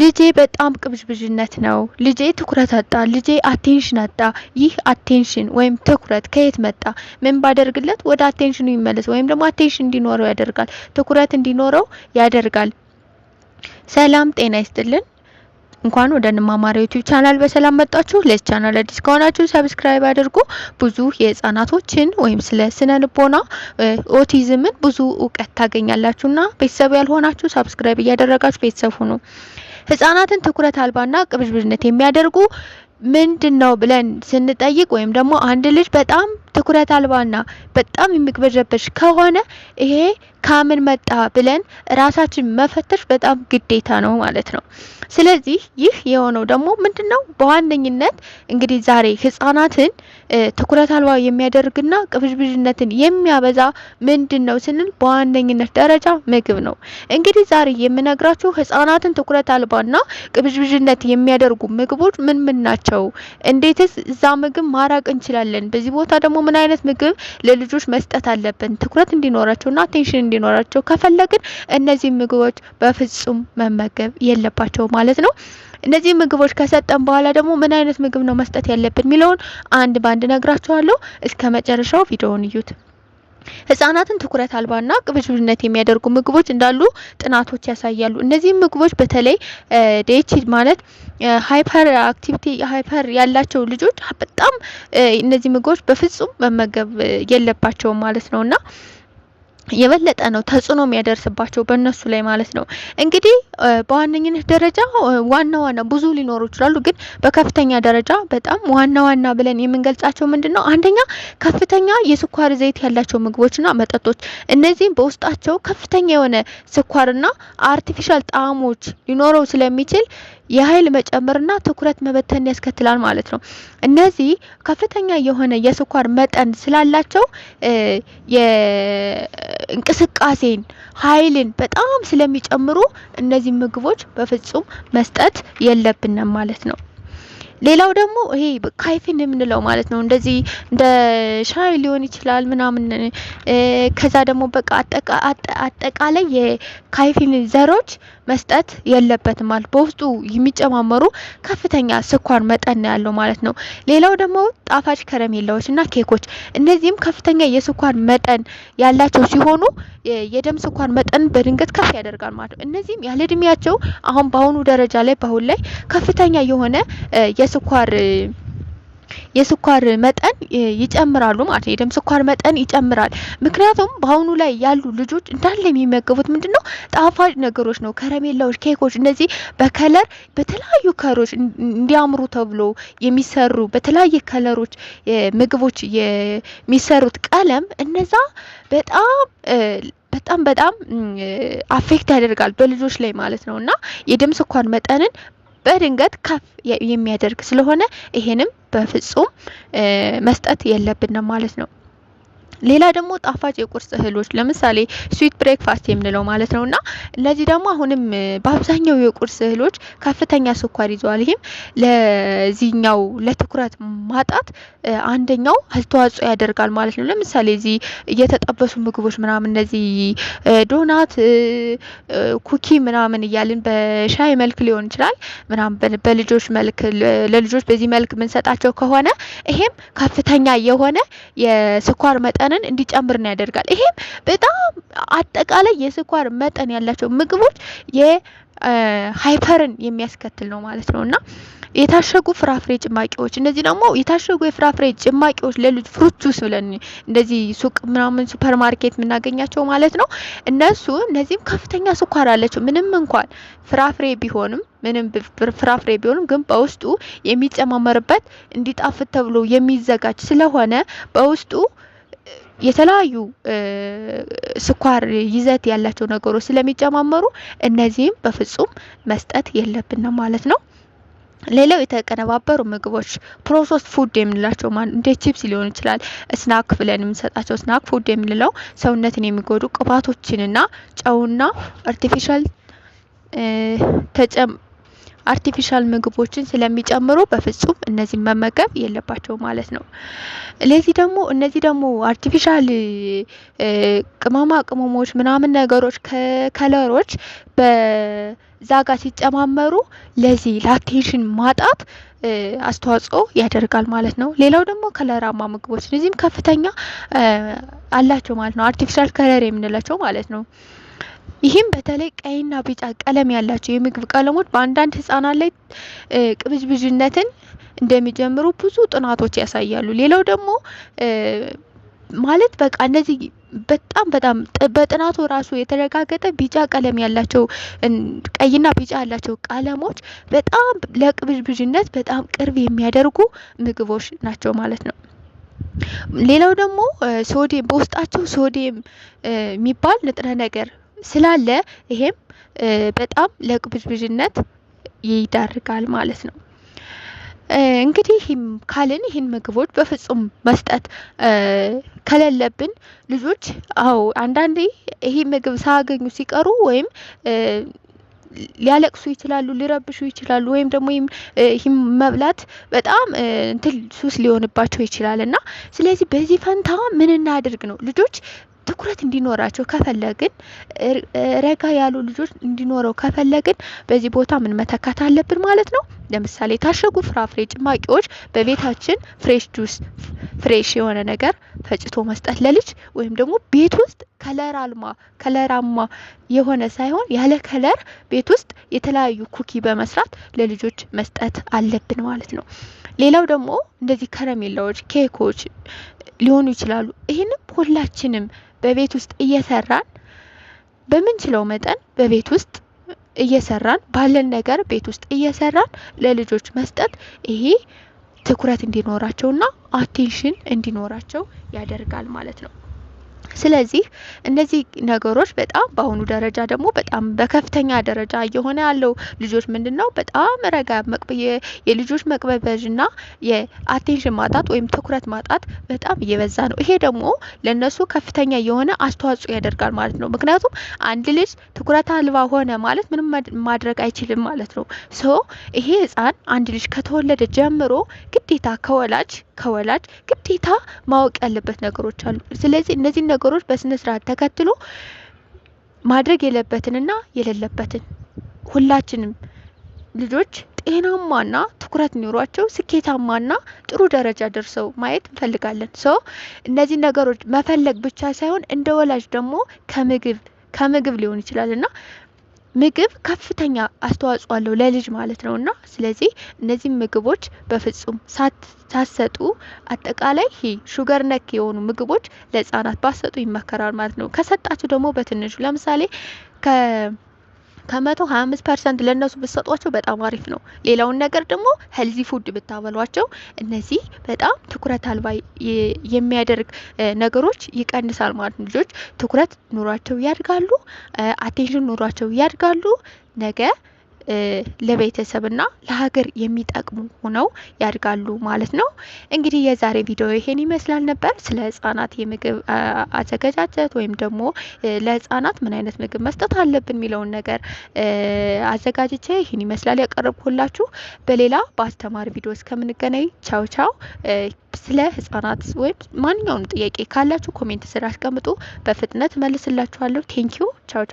ልጄ በጣም ቅብዥብዥነት ነው፣ ልጄ ትኩረት አጣ፣ ልጄ አቴንሽን አጣ። ይህ አቴንሽን ወይም ትኩረት ከየት መጣ? ምን ባደርግለት ወደ አቴንሽኑ ይመለስ ወይም ደግሞ አቴንሽን እንዲኖረው ያደርጋል፣ ትኩረት እንዲኖረው ያደርጋል። ሰላም ጤና ይስጥልን። እንኳን ወደ እንማማር ዩቲዩብ ቻናል በሰላም መጣችሁ። ለዚህ ቻናል አዲስ ከሆናችሁ ሰብስክራይብ አድርጉ። ብዙ የህፃናቶችን ወይም ስለ ስነ ልቦና ኦቲዝምን ብዙ እውቀት ታገኛላችሁና ቤተሰብ ያልሆናችሁ ሰብስክራይብ እያደረጋችሁ ቤተሰብ ሁኑ። ህጻናትን ትኩረት አልባና ቅብዥብዥነት የሚያደርጉ ምንድን ነው ብለን ስንጠይቅ ወይም ደግሞ አንድ ልጅ በጣም ትኩረት አልባና በጣም የሚቅበዠበሽ ከሆነ ይሄ ከምን መጣ ብለን ራሳችን መፈተሽ በጣም ግዴታ ነው ማለት ነው። ስለዚህ ይህ የሆነው ደግሞ ምንድን ነው? በዋነኝነት እንግዲህ ዛሬ ህጻናትን ትኩረት አልባ የሚያደርግና ቅብዥብዥነትን የሚያበዛ ምንድን ነው ስንል በዋነኝነት ደረጃ ምግብ ነው። እንግዲህ ዛሬ የምነግራችሁ ህጻናትን ትኩረት አልባና ቅብዥብዥነት የሚያደርጉ ምግቦች ምን ምን ናቸው፣ እንዴትስ እዛ ምግብ ማራቅ እንችላለን፣ በዚህ ቦታ ደግሞ ምን አይነት ምግብ ለልጆች መስጠት አለብን፣ ትኩረት እንዲኖራቸውና አቴንሽን እንዲኖራቸው ከፈለግን እነዚህ ምግቦች በፍጹም መመገብ የለባቸው ማለት ነው። እነዚህ ምግቦች ከሰጠን በኋላ ደግሞ ምን አይነት ምግብ ነው መስጠት ያለብን የሚለውን አንድ ባንድ ነግራችኋለሁ። እስከ መጨረሻው ቪዲዮውን እዩት። ህጻናትን ትኩረት አልባና ቅብዥብዥነት የሚያደርጉ ምግቦች እንዳሉ ጥናቶች ያሳያሉ። እነዚህ ምግቦች በተለይ ዴቺ ማለት ሃይፐር አክቲቪቲ ሃይፐር ያላቸው ልጆች በጣም እነዚህ ምግቦች በፍጹም መመገብ የለባቸውም ማለት ነው እና የበለጠ ነው ተጽዕኖ የሚያደርስባቸው በእነሱ ላይ ማለት ነው። እንግዲህ በዋነኝነት ደረጃ ዋና ዋና ብዙ ሊኖሩ ይችላሉ፣ ግን በከፍተኛ ደረጃ በጣም ዋና ዋና ብለን የምንገልጻቸው ምንድን ነው? አንደኛ ከፍተኛ የስኳር ዘይት ያላቸው ምግቦችና መጠጦች። እነዚህም በውስጣቸው ከፍተኛ የሆነ ስኳርና አርቲፊሻል ጣዕሞች ሊኖረው ስለሚችል የኃይል መጨመርና ትኩረት መበተን ያስከትላል ማለት ነው። እነዚህ ከፍተኛ የሆነ የስኳር መጠን ስላላቸው እንቅስቃሴን፣ ኃይልን በጣም ስለሚጨምሩ እነዚህ ምግቦች በፍጹም መስጠት የለብንም ማለት ነው። ሌላው ደግሞ ይሄ ካይፍን የምንለው ማለት ነው። እንደዚህ እንደ ሻይ ሊሆን ይችላል ምናምን። ከዛ ደግሞ በቃ አጠቃላይ የካይፊን ዘሮች መስጠት የለበትም ማለት በውስጡ የሚጨማመሩ ከፍተኛ ስኳር መጠን ያለው ማለት ነው። ሌላው ደግሞ ጣፋጭ ከረሜላዎች እና ኬኮች፣ እነዚህም ከፍተኛ የስኳር መጠን ያላቸው ሲሆኑ የደም ስኳር መጠን በድንገት ከፍ ያደርጋል ማለት ነው። እነዚህም ያለ እድሜያቸው አሁን በአሁኑ ደረጃ ላይ በአሁን ላይ ከፍተኛ የሆነ የስኳር የስኳር መጠን ይጨምራሉ ማለት ነው። የደም ስኳር መጠን ይጨምራል። ምክንያቱም በአሁኑ ላይ ያሉ ልጆች እንዳለ የሚመገቡት ምንድን ነው? ጣፋጭ ነገሮች ነው። ከረሜላዎች፣ ኬኮች፣ እነዚህ በከለር በተለያዩ ከሮች እንዲያምሩ ተብሎ የሚሰሩ በተለያየ ከለሮች ምግቦች የሚሰሩት ቀለም እነዛ በጣም በጣም በጣም አፌክት ያደርጋል በልጆች ላይ ማለት ነው እና የደም ስኳር መጠንን በድንገት ከፍ የሚያደርግ ስለሆነ ይሄንም በፍጹም መስጠት የለብንም ማለት ነው። ሌላ ደግሞ ጣፋጭ የቁርስ እህሎች ለምሳሌ ስዊት ብሬክፋስት የምንለው ማለት ነው እና እነዚህ ደግሞ አሁንም በአብዛኛው የቁርስ እህሎች ከፍተኛ ስኳር ይዘዋል። ይህም ለዚህኛው ለትኩረት ማጣት አንደኛው አስተዋጽኦ ያደርጋል ማለት ነው። ለምሳሌ እዚህ እየተጠበሱ ምግቦች ምናምን እነዚህ ዶናት፣ ኩኪ ምናምን እያልን በሻይ መልክ ሊሆን ይችላል ምናምን በልጆች መልክ ለልጆች በዚህ መልክ የምንሰጣቸው ከሆነ ይሄም ከፍተኛ የሆነ የስኳር መጠን መጠንን እንዲጨምር ነው ያደርጋል። ይሄም በጣም አጠቃላይ የስኳር መጠን ያላቸው ምግቦች የሃይፐርን የሚያስከትል ነው ማለት ነው እና የታሸጉ ፍራፍሬ ጭማቂዎች እነዚህ ደግሞ የታሸጉ የፍራፍሬ ጭማቂዎች ለልጅ ፍሩት ጁስ ብለን እንደዚህ ሱቅ ምናምን ሱፐር ማርኬት የምናገኛቸው ማለት ነው። እነሱ እነዚህም ከፍተኛ ስኳር አላቸው። ምንም እንኳን ፍራፍሬ ቢሆንም ምንም ፍራፍሬ ቢሆንም ግን በውስጡ የሚጨማመርበት እንዲጣፍት ተብሎ የሚዘጋጅ ስለሆነ በውስጡ የተለያዩ ስኳር ይዘት ያላቸው ነገሮች ስለሚጨማመሩ እነዚህም በፍጹም መስጠት የለብንም ማለት ነው። ሌላው የተቀነባበሩ ምግቦች ፕሮሰስ ፉድ የምንላቸው እንደ ቺፕስ ሊሆን ይችላል። ስናክ ብለን የምንሰጣቸው ስናክ ፉድ የምንለው ሰውነትን የሚጎዱ ቅባቶችንና ጨውና አርቲፊሻል አርቲፊሻል ምግቦችን ስለሚጨምሩ በፍጹም እነዚህ መመገብ የለባቸው ማለት ነው። ለዚህ ደግሞ እነዚህ ደግሞ አርቲፊሻል ቅመማ ቅመሞች ምናምን ነገሮች ከከለሮች በዛ ጋር ሲጨማመሩ ለዚህ ላቴንሽን ማጣት አስተዋጽኦ ያደርጋል ማለት ነው። ሌላው ደግሞ ከለራማ ምግቦች እነዚህም ከፍተኛ አላቸው ማለት ነው። አርቲፊሻል ከለር የምንላቸው ማለት ነው። ይህም በተለይ ቀይና ቢጫ ቀለም ያላቸው የምግብ ቀለሞች በአንዳንድ ህጻናት ላይ ቅብዥብዥነትን እንደሚጀምሩ ብዙ ጥናቶች ያሳያሉ። ሌላው ደግሞ ማለት በቃ እነዚህ በጣም በጣም በጥናቱ ራሱ የተረጋገጠ ቢጫ ቀለም ያላቸው ቀይና ቢጫ ያላቸው ቀለሞች በጣም ለቅብዥብዥነት በጣም ቅርብ የሚያደርጉ ምግቦች ናቸው ማለት ነው። ሌላው ደግሞ ሶዲየም በውስጣቸው ሶዲየም የሚባል ንጥረ ነገር ስላለ ይሄም በጣም ለቅብዥብዥነት ይዳርጋል ማለት ነው። እንግዲህ ካልን ይህን ምግቦች በፍጹም መስጠት ከሌለብን ልጆች አዎ አንዳንዴ ይህ ምግብ ሳያገኙ ሲቀሩ ወይም ሊያለቅሱ ይችላሉ፣ ሊረብሹ ይችላሉ። ወይም ደግሞ ይህም መብላት በጣም እንትን ሱስ ሊሆንባቸው ይችላል እና ስለዚህ በዚህ ፈንታ ምን እናድርግ ነው ልጆች ትኩረት እንዲኖራቸው ከፈለግን ረጋ ያሉ ልጆች እንዲኖረው ከፈለግን በዚህ ቦታ ምን መተካት አለብን ማለት ነው። ለምሳሌ የታሸጉ ፍራፍሬ ጭማቂዎች በቤታችን ፍሬሽ ጁስ፣ ፍሬሽ የሆነ ነገር ፈጭቶ መስጠት ለልጅ ወይም ደግሞ ቤት ውስጥ ከለር አልማ ከለራማ የሆነ ሳይሆን ያለ ከለር ቤት ውስጥ የተለያዩ ኩኪ በመስራት ለልጆች መስጠት አለብን ማለት ነው። ሌላው ደግሞ እንደዚህ ከረሜላዎች፣ ኬኮች ሊሆኑ ይችላሉ። ይህንም ሁላችንም በቤት ውስጥ እየሰራን በምንችለው መጠን በቤት ውስጥ እየሰራን ባለን ነገር ቤት ውስጥ እየሰራን ለልጆች መስጠት ይሄ ትኩረት እንዲኖራቸውና አቴንሽን እንዲኖራቸው ያደርጋል ማለት ነው። ስለዚህ እነዚህ ነገሮች በጣም በአሁኑ ደረጃ ደግሞ በጣም በከፍተኛ ደረጃ እየሆነ ያለው ልጆች ምንድን ነው በጣም ረጋ የልጆች መቅበበዥና የአቴንሽን ማጣት ወይም ትኩረት ማጣት በጣም እየበዛ ነው። ይሄ ደግሞ ለእነሱ ከፍተኛ የሆነ አስተዋጽኦ ያደርጋል ማለት ነው። ምክንያቱም አንድ ልጅ ትኩረት አልባ ሆነ ማለት ምንም ማድረግ አይችልም ማለት ነው። ሶ ይሄ ህፃን አንድ ልጅ ከተወለደ ጀምሮ ግዴታ ከወላጅ ከወላጅ ግዴታ ማወቅ ያለበት ነገሮች አሉ። ስለዚህ እነዚህን ነገሮች በስነ ስርዓት ተከትሎ ማድረግ የለበትንና የሌለበትን ሁላችንም ልጆች ጤናማና ትኩረት ኖሯቸው ስኬታማና ጥሩ ደረጃ ደርሰው ማየት እንፈልጋለን። ሶ እነዚህ ነገሮች መፈለግ ብቻ ሳይሆን እንደ ወላጅ ደግሞ ከምግብ ከምግብ ሊሆን ይችላል እና ምግብ ከፍተኛ አስተዋጽኦ አለው ለልጅ ማለት ነው እና ስለዚህ እነዚህ ምግቦች በፍጹም ሳትሰጡ አጠቃላይ ይሄ ሹገር ነክ የሆኑ ምግቦች ለህጻናት ባሰጡ ይመከራል ማለት ነው። ከሰጣችሁ ደግሞ በትንሹ ለምሳሌ ከ ከመቶ 25 ፐርሰንት ለእነሱ ብትሰጧቸው በጣም አሪፍ ነው። ሌላውን ነገር ደግሞ ሄልዚ ፉድ ብታበሏቸው እነዚህ በጣም ትኩረት አልባ የሚያደርግ ነገሮች ይቀንሳል ማለት ነው። ልጆች ትኩረት ኑሯቸው ያድጋሉ፣ አቴንሽን ኑሯቸው ያድጋሉ ነገ ለቤተሰብና ለሀገር የሚጠቅሙ ሆነው ያድጋሉ ማለት ነው። እንግዲህ የዛሬ ቪዲዮ ይሄን ይመስላል ነበር። ስለ ህጻናት የምግብ አዘገጃጀት ወይም ደግሞ ለህጻናት ምን አይነት ምግብ መስጠት አለብን የሚለውን ነገር አዘጋጅቼ ይህን ይመስላል ያቀረብኩላችሁ። በሌላ በአስተማሪ ቪዲዮ እስከምንገናኝ ቻው ቻው። ስለ ህጻናት ወይም ማንኛውም ጥያቄ ካላችሁ ኮሜንት ስር አስቀምጡ፣ በፍጥነት መልስላችኋለሁ። ቴንኪዩ ቻው።